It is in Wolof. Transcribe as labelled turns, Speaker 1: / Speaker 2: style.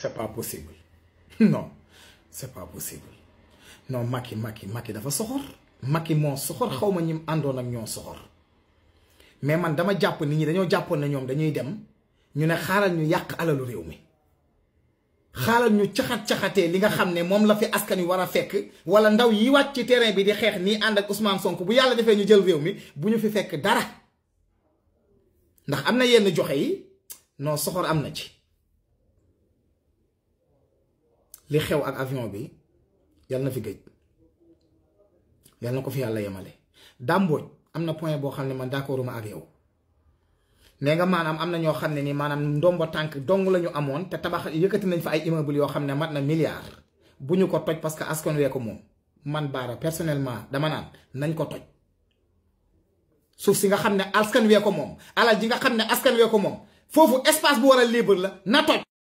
Speaker 1: c'est pas
Speaker 2: possible non c'est pas possible non Maki, maki maki dafa soxor Macky mo soxor xawma ma andon ak ñoo soxor mais man dama japp nit ñi dañoo na dañuy dem ñu ne xaaral ñu yàq alalu réew mi xaaral ñu caxat-caxatee li nga xam mom la fi askan wara fekk wala ndaw yi wacc terrain bi di xex ni and ak Ousmane Sonko bu Yalla ñu jël fi fekk dara ndax yenn joxe non soxor amna ci li xew ak avion bi yàlla na fi gëj yàlla na ko fi yàlla yemale dàmbooj am na point boo xam ne man d'accorduma ak yow nee nga maanaam am na ñoo xam ne nii maanaam ndombo tànk dong lañu ñu amoon te tabax yëkkati nañ fa ay immeuble yoo xam ne mat na milliard bu ñu ko toj parce que askan wee ko moom man baara personnellement dama naan nañ ko toj suuf si nga xam ne askan wee ko moom alal ji nga xam ne askan wee ko moom foofu
Speaker 3: espace bu war a libre la na toj